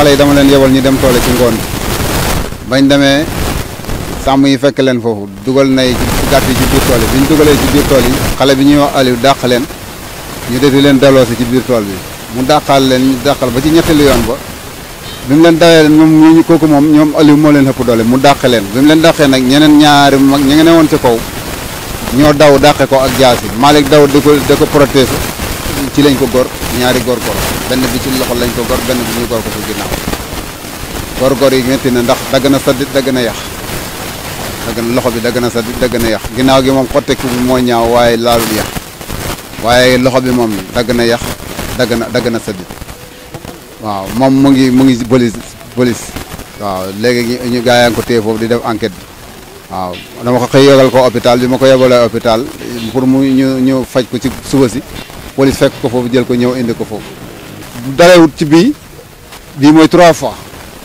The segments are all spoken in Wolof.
xale yi dama leen yebal ñu dem toole ci ngoon bañ demee sàmm yi fekk leen foofu dugal nay gàtt yi ci biir tool yi bi ñu dugalee ci biir tool yi xale bi ñuy wax Aliou dàq leen ñu deti leen delloosi ci biir tool bi mu dàqaal leen ñu dàqal ba ci ñetteelu yoon ba bi mu leen dawee moom ñu kooku moom ñoom Aliou moo leen ëpp doole mu dàq leen bi mu leen dàqee nag ñeneen ñaari mag ñi nga ne woon ci kaw ñoo daw dàqe ko ak jaasi Malick daw di ko di ko ci lañ ko gor ñaari gor gor benn bi ci loxo lañ ko gor benn bi ñu gor ko ci ginnaaw gor gor yi metti na ndax dagg na saddit dagg na yàq dagg na loxo bi dagg na saddit dagg na yàq ginnaaw gi moom xotteeku bi moo ñaaw waaye laalul yàq waaye loxo bi moom dagg na yàq dagg na dagg na saddit waaw moom mu ngi mu ngi si bolis bolis waaw léegi ñu gaa yaa ngi ko téye foofu di def enquete bi waaw dama ko xëy yebal ko hôpital bi ma ko yebalee hôpital pour mu ñu ñu faj ko ci suba si police fekk ko fofu jël ko ñew indi ko foofu wut ci bi bi moy 3 fois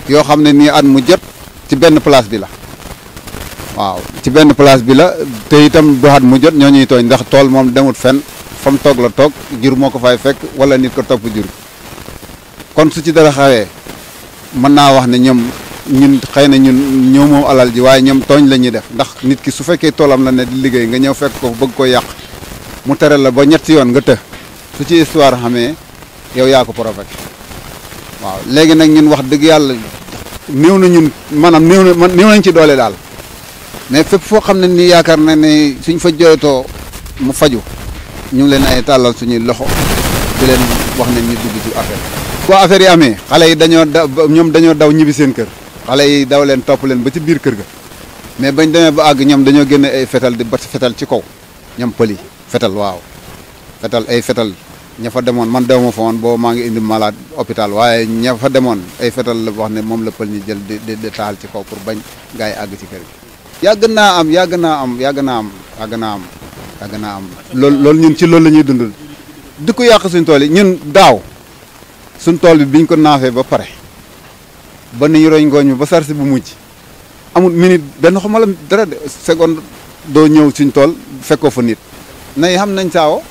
yo xam ni at mu jot ci benn place bi la waaw ci benn place bi la te itam du at mu jot ñoo ñuy ndax tol mom demut fen fam tok la tok jur moko fay fekk wala nit ko top jur kon su ci dara xawé man na wax ni ñom ñun xeyna ñun ñoo mo alal ji way ñom togn Dah def ndax nit ki su fekke tolam la ne di liggey nga ñew fekk ko bëgg ko yaq mu tere la ba ñetti yoon nga su ci histoire xamee yow yaa ko provoqué waaw léegi nag ñun wax dëgg yàlla néew na ñun maanaam néew na man néew nañ ci doole daal mais fépp foo xam ne ni yaakaar na ne suñ fa jooytoo mu faju ñu ngi leen ay tàllal suñuy loxo di leen wax ne ñu dugg ci affaire ko affaire yi amee xale yi dañoo da ñoom dañoo daw ñibbi seen kër xale yi daw leen topp leen ba ci biir kër ga mais bañ demee ba àgg ñoom dañoo génne ay fetal di ci fetal ci kaw ñoom pël yi fetal waaw fetal ay fetal ña fa demoon man dew ma fa woon boobu maa ngi indi malade hôpital waaye ña fa demoon ay fetal la wax ne moom la pël ñu jël di taal ci kaw pour bañ gars yi àgg ci kër gi yàgg naa am yàgg naa am yàgg naa am yàgg naa am yàgg naa am loolu loolu ñun ci loolu la ñuy dund di ko yàq suñ tool yi ñun daaw suñ tool bi biñ ko naafee ba pare ba nañu roñ ngooñ mi ba sarsi bu mujj amul minute benn xamal dara de seconde doo ñëw suñ tool fekkoo fa nit nay xam nañ saawo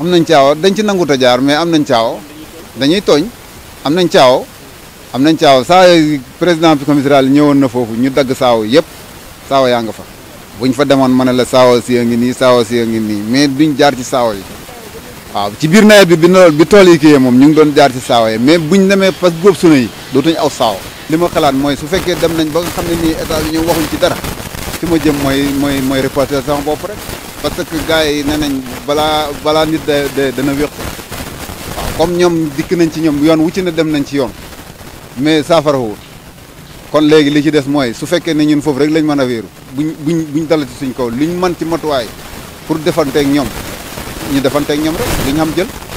am nañ caawa dañ ci nangut a jaar mais am nañ caawa dañuy tooñ am nañ caawa am nañ caawa saa président bi commissariat ñëwoon na foofu ñu dagg saaw yëpp saawa yaa ngi fa buñ fa demoon mën a la saawa si a ngi nii saawa si a ngi nii mais duñ jaar ci saawa yi waaw ci biir nawet bi bi lool bi tool yi kiyee moom ñu ngi doon jaar ci saawa yi mais buñ demee pas góob suna yi dootuñ aw saawa li ma xalaat mooy su fekkee dem nañ ba nga xam ne nii état bi ñu waxuñ ci dara fi ma jëm mooy mooy mooy reporter sama bopp rek parce que gars yi nee nañ balaa balaa nit de dana wéq waaw comme ñoom dikk nañ ci ñoom yoon wu ci ne dem nañ ci yoon mais saafarawul kon léegi li ci des mooy su fekkee ne ñun foofu rek lañ mën a wéeru buñ buñ buñ dala ci suñ kaw liñ mën ci matuwaay pour defanteeg ñoom ñu defanteeg ñoom rek li ñu xam jël